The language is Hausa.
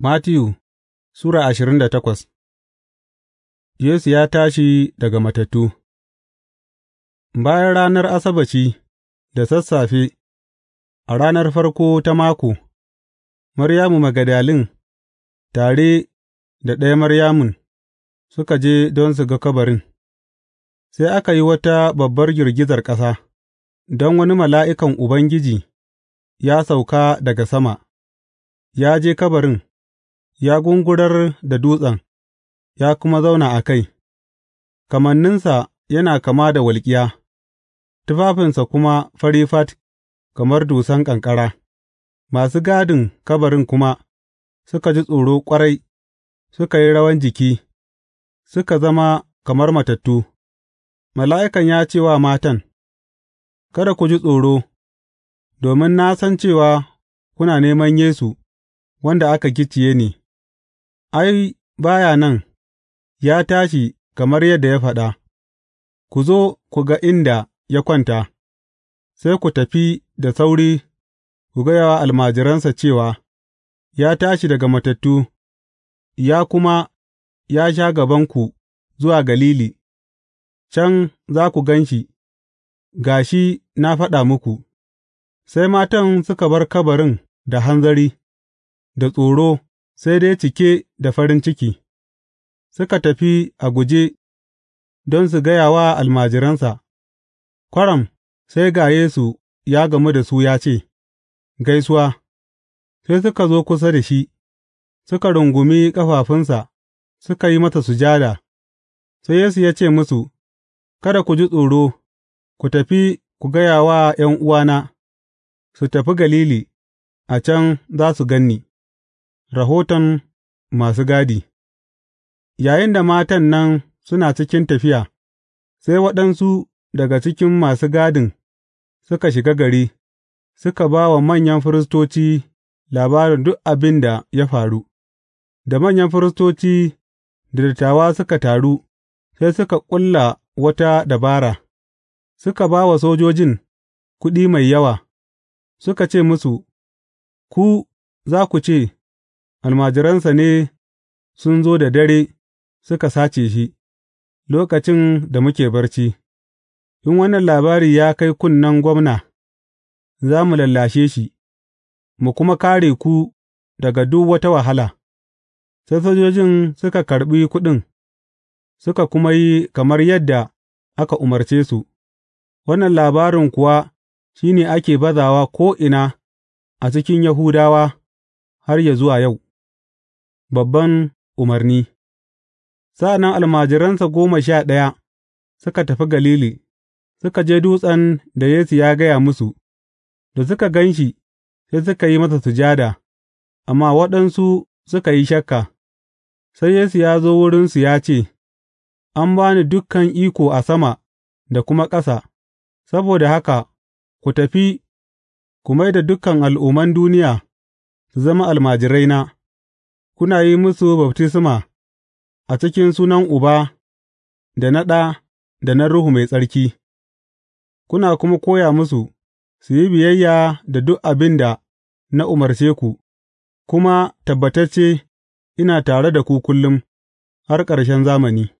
Matiyu Sura ashirin da takwas Yesu ya tashi daga matattu Bayan ranar asabaci da sassafe, a ranar farko ta mako, Maryamu Magadalin, tare da ɗaya Maryamun suka je don su ga kabarin, sai aka yi wata babbar girgizar ƙasa, don wani mala'ikan Ubangiji ya sauka daga sama, ya je kabarin. Ya gungurar da dutsen, ya kuma zauna a kai; kamanninsa yana kama da walƙiya, tufafinsa kuma fari fat kamar dusan ƙanƙara, masu gadin kabarin kuma suka ji tsoro ƙwarai suka yi rawan jiki, suka zama kamar matattu. Mala'ikan ya ce wa matan, Kada ku ji tsoro, domin na san cewa kuna neman Yesu wanda aka gicciye ne. Ai, ba ya nan, ya tashi kamar yadda ya faɗa, ku zo ku ga inda ya kwanta, sai ku tafi da sauri ku gaya wa almajiransa cewa, Ya tashi daga matattu, ya kuma ya sha gabanku zuwa Galili, can za ku gan shi, ga shi na faɗa muku.’ Sai matan suka bar kabarin da hanzari, da tsoro. sai dai cike da farin ciki, suka tafi a guje don su gaya wa almajiransa, kwaram sai ga Yesu ya gamu da su ya ce, Gaisuwa, sai suka zo kusa da shi, suka rungumi ƙafafunsa, suka yi mata sujada, sai Yesu ya ce musu, Kada ku ji tsoro, ku tafi ku gaya wa uwana. su tafi Galili, a can za su gan ni. Rahoton masu gadi Yayinda matan nan suna cikin tafiya, sai waɗansu daga cikin masu gadin suka shiga gari, suka ba wa manyan firistoci labarin duk abin da ya faru, da manyan firistoci da dattawa suka taru, sai suka ƙulla wata dabara, suka ba wa sojojin kuɗi mai yawa, suka ce musu, Ku za ku ce, almajiransa ne sun zo da dare suka sace shi, lokacin da muke barci, in wannan labari ya kai kunnen gwamna, za mu lallashe shi, mu kuma kare ku daga duk wata wahala. Sai sojojin suka karɓi kuɗin, suka kuma yi kamar yadda aka umarce su, wannan labarin kuwa shi ne ake bazawa ko'ina a cikin Yahudawa har ya zuwa yau. Babban umarni Sa'an nan almajiransa goma sha ɗaya suka tafi Galili, suka je dutsen da Yesu ya gaya musu, da suka gan shi, sai suka yi masa sujada, amma waɗansu suka yi shakka, sai Yesu ya zo wurinsu ya ce, An ba ni dukan iko a sama da kuma ƙasa, saboda haka ku tafi ku mai da dukan al'umman duniya su zama almajiraina. kuna yi musu baftisma a cikin sunan Uba, da na Ɗa, da na Ruhu Mai Tsarki, kuna kuma koya musu su yi biyayya da duk abin da na umarce ku, kuma tabbatacce ina tare da ku kullum, har ƙarshen zamani.